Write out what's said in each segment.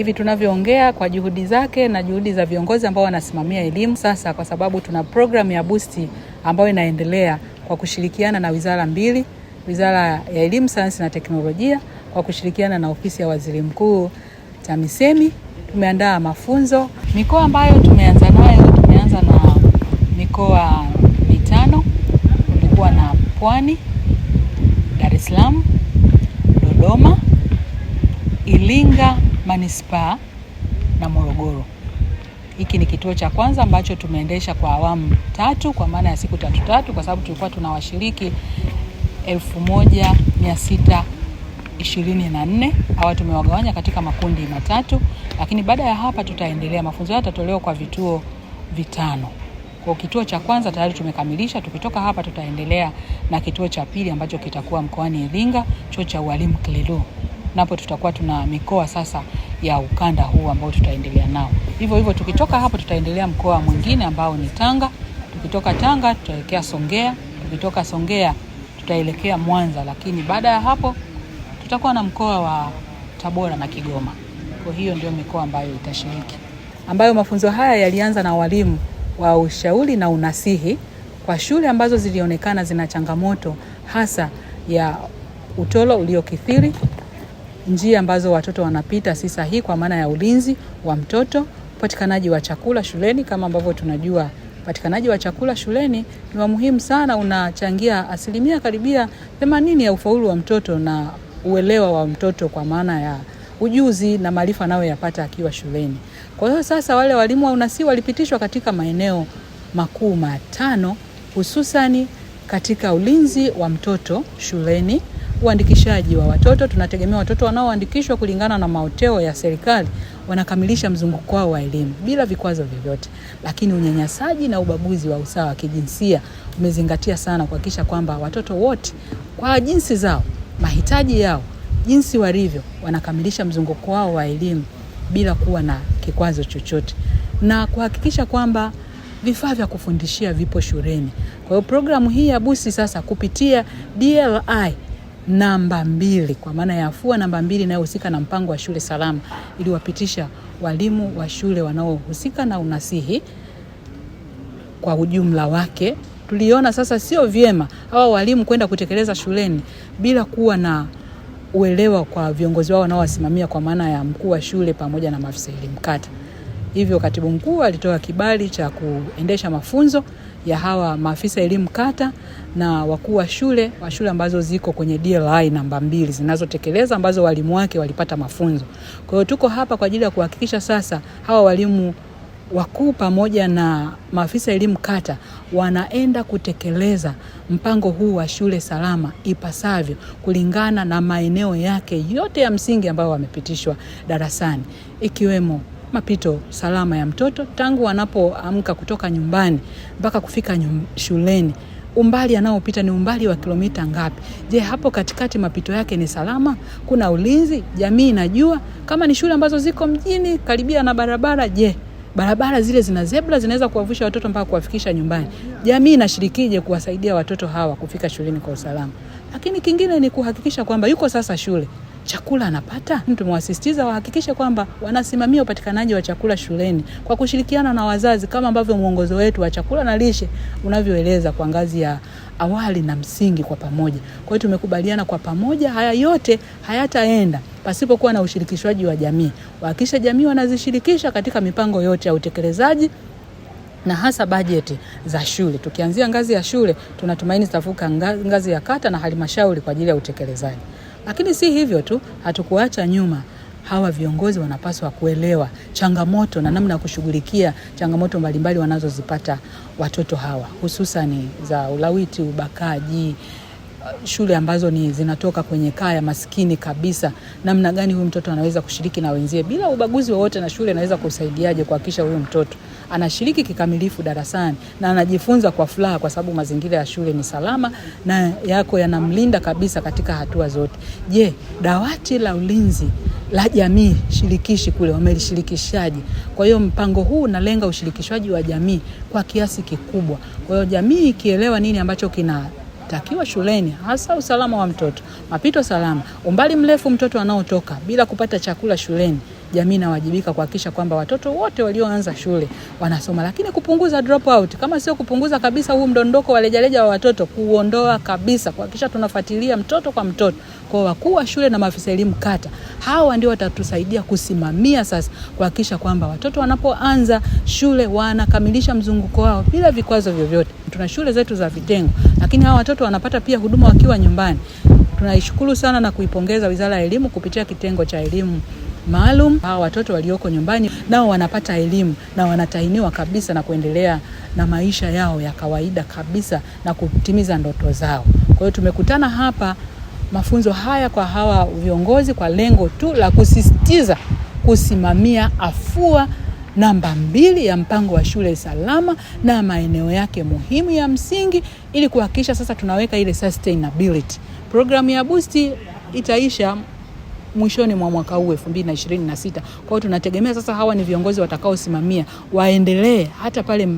hivi tunavyoongea kwa juhudi zake na juhudi za viongozi ambao wanasimamia elimu sasa, kwa sababu tuna programu ya busti ambayo inaendelea kwa kushirikiana na wizara mbili, Wizara ya Elimu, Sayansi na Teknolojia kwa kushirikiana na Ofisi ya Waziri Mkuu TAMISEMI. Tumeandaa mafunzo mikoa ambayo tumeanza nayo, tumeanza na mikoa mitano. Tulikuwa na Pwani, Dar es Salaam, Dodoma, Iringa manispaa na Morogoro. Hiki ni kituo cha kwanza ambacho tumeendesha kwa awamu tatu kwa maana ya siku tatu tatu, kwa sababu tulikuwa tuna washiriki 1624 hawa tumewagawanya katika makundi matatu, lakini baada ya hapa tutaendelea. Mafunzo haya yatatolewa kwa vituo vitano. Kwa kituo cha kwanza tayari tumekamilisha. Tukitoka hapa tutaendelea na kituo cha pili ambacho kitakuwa mkoani Iringa, chuo cha ualimu Kililu napo tutakuwa tuna mikoa sasa ya ukanda huu ambao tutaendelea nao. Hivyo hivyo tukitoka hapo tutaendelea mkoa mwingine ambao ni Tanga. Tukitoka Tanga tutaelekea Songea, tukitoka Songea tutaelekea Mwanza, lakini baada ya hapo tutakuwa na mkoa wa Tabora na Kigoma. Kwa hiyo ndio mikoa ambayo itashiriki, ambayo mafunzo haya yalianza na walimu wa ushauri na unasihi kwa shule ambazo zilionekana zina changamoto hasa ya utolo uliokithiri njia ambazo watoto wanapita si sahihi kwa maana ya ulinzi wa mtoto, upatikanaji wa chakula shuleni. Kama ambavyo tunajua upatikanaji wa chakula shuleni ni wa muhimu sana, unachangia asilimia karibia themanini ya ufaulu wa mtoto na uelewa wa mtoto kwa maana ya ujuzi na maarifa anayoyapata akiwa shuleni. Kwa hiyo sasa wale walimu wa unasi walipitishwa katika maeneo makuu matano hususani katika ulinzi wa mtoto shuleni, uandikishaji wa watoto. Tunategemea watoto wanaoandikishwa kulingana na maoteo ya serikali wanakamilisha mzunguko wao wa elimu bila vikwazo vyovyote, lakini unyanyasaji na ubaguzi wa usawa wa kijinsia umezingatia sana kuhakikisha kwamba watoto wote kwa jinsi zao, mahitaji yao, jinsi walivyo, wanakamilisha mzunguko wao wa elimu bila kuwa na kikwazo chochote na kuhakikisha kwamba vifaa vya kufundishia vipo shuleni. Kwa hiyo programu hii ya BUSI sasa kupitia DLI namba mbili kwa maana ya afua namba mbili inayohusika na mpango wa shule salama, iliwapitisha walimu wa shule wanaohusika na unasihi kwa ujumla wake. Tuliona sasa sio vyema hawa walimu kwenda kutekeleza shuleni bila kuwa na uelewa kwa viongozi wao wanaowasimamia kwa maana ya mkuu wa shule pamoja na maafisa elimu kata. Hivyo katibu mkuu alitoa kibali cha kuendesha mafunzo ya hawa maafisa elimu kata na wakuu wa shule wa shule ambazo ziko kwenye DLI namba mbili zinazotekeleza ambazo walimu wake walipata mafunzo. Kwa hiyo tuko hapa kwa ajili ya kuhakikisha sasa hawa walimu wakuu pamoja na maafisa elimu kata wanaenda kutekeleza mpango huu wa shule salama ipasavyo kulingana na maeneo yake yote ya msingi ambayo wamepitishwa darasani ikiwemo mapito salama ya mtoto tangu anapoamka kutoka nyumbani mpaka kufika nyum, shuleni umbali anaopita ni umbali wa kilomita ngapi? Je, hapo katikati mapito yake ni salama? Kuna ulinzi? Jamii inajua? Kama ni shule ambazo ziko mjini karibia na barabara, je, barabara zile zina zebra zinaweza kuwavusha watoto mpaka kuwafikisha nyumbani? Jamii inashirikije kuwasaidia watoto hawa kufika shuleni kwa usalama? Lakini kingine ni kuhakikisha kwamba yuko sasa shule chakula anapata. Tumewasisitiza wahakikishe kwamba wanasimamia upatikanaji wa chakula shuleni kwa kushirikiana na wazazi, kama ambavyo mwongozo wetu wa chakula na lishe unavyoeleza kwa ngazi ya awali na msingi kwa pamoja. Kwa hiyo tumekubaliana kwa pamoja, haya yote hayataenda pasipokuwa na ushirikishwaji wa jamii. Wahakikisha jamii wanazishirikisha katika mipango yote ya utekelezaji na hasa bajeti za shule. Tukianzia ngazi ya shule, tunatumaini zitavuka ngazi ya kata na halmashauri kwa ajili ya utekelezaji. Lakini si hivyo tu, hatukuacha nyuma. Hawa viongozi wanapaswa kuelewa changamoto na namna ya kushughulikia changamoto mbalimbali wanazozipata watoto hawa, hususani za ulawiti, ubakaji shule ambazo ni zinatoka kwenye kaya maskini kabisa, namna gani huyu mtoto anaweza kushiriki na wenzie bila ubaguzi wowote, na shule anaweza kusaidiaje kuhakikisha huyu mtoto anashiriki kikamilifu darasani na anajifunza kwa furaha, kwa sababu mazingira ya shule ni salama na yako yanamlinda kabisa katika hatua zote. Je, dawati la ulinzi la jamii shirikishi kule wamelishirikishaje? Kwa hiyo mpango huu unalenga ushirikishwaji wa jamii kwa kiasi kikubwa. Kwa hiyo jamii ikielewa nini ambacho kina takiwa shuleni, hasa usalama wa mtoto, mapito salama, umbali mrefu mtoto anaotoka bila kupata chakula shuleni jamii inawajibika kuhakikisha kwamba watoto wote walioanza shule wanasoma, lakini kupunguza drop out, kama sio kupunguza kabisa huu mdondoko wa lejaleja wa watoto, kuondoa kabisa, kuhakikisha tunafuatilia mtoto kwa mtoto. Kwa wakuu wa shule na maafisa elimu kata, hawa ndio watatusaidia kusimamia sasa, kuhakikisha kwamba watoto wanapoanza shule wanakamilisha mzunguko wao bila vikwazo vyovyote. Tuna shule zetu za vitengo, lakini hawa watoto wanapata pia huduma wakiwa nyumbani. Tunaishukuru sana na kuipongeza Wizara ya Elimu kupitia kitengo cha elimu maalum. Hawa watoto walioko nyumbani nao wanapata elimu na wanatainiwa kabisa na kuendelea na maisha yao ya kawaida kabisa na kutimiza ndoto zao. Kwa hiyo tumekutana hapa mafunzo haya kwa hawa viongozi kwa lengo tu la kusisitiza kusimamia afua namba mbili ya mpango wa shule salama na maeneo yake muhimu ya msingi ili kuhakikisha sasa tunaweka ile sustainability. Programu ya Boost itaisha mwishoni mwa mwaka huu 2026. Kwa hiyo tunategemea sasa hawa ni viongozi watakaosimamia waendelee hata pale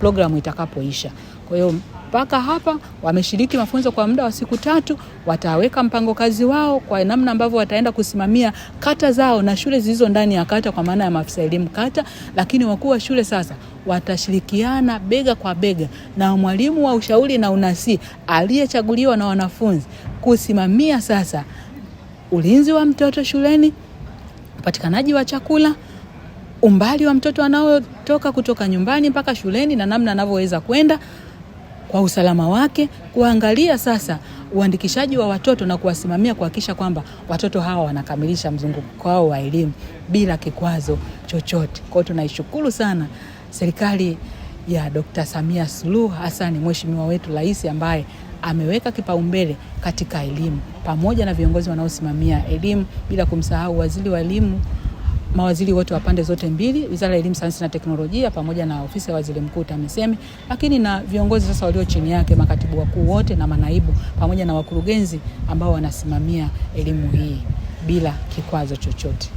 programu itakapoisha. Kwa hiyo mpaka hapa wameshiriki mafunzo kwa muda wa siku tatu. Wataweka mpango kazi wao kwa namna ambavyo wataenda kusimamia kata zao na shule zilizo ndani ya kata, kwa maana ya maafisa elimu kata. Lakini wakuu wa shule sasa watashirikiana bega kwa bega na mwalimu wa ushauri na unasi aliyechaguliwa na wanafunzi kusimamia sasa ulinzi wa mtoto shuleni, upatikanaji wa chakula, umbali wa mtoto anaotoka kutoka nyumbani mpaka shuleni na namna anavyoweza kwenda kwa usalama wake, kuangalia sasa uandikishaji wa watoto na kuwasimamia kuhakikisha kwamba watoto hawa wanakamilisha mzunguko wao wa elimu bila kikwazo chochote. Kwa hiyo tunaishukuru sana serikali ya Dkt. Samia Suluhu Hassan, mheshimiwa wetu rais ambaye ameweka kipaumbele katika elimu pamoja na viongozi wanaosimamia elimu, bila kumsahau waziri wa elimu, mawaziri wote wa pande zote mbili, Wizara ya Elimu, Sayansi na Teknolojia pamoja na ofisi ya waziri mkuu TAMISEMI, lakini na viongozi sasa walio chini yake, makatibu wakuu wote na manaibu pamoja na wakurugenzi ambao wanasimamia elimu hii bila kikwazo chochote.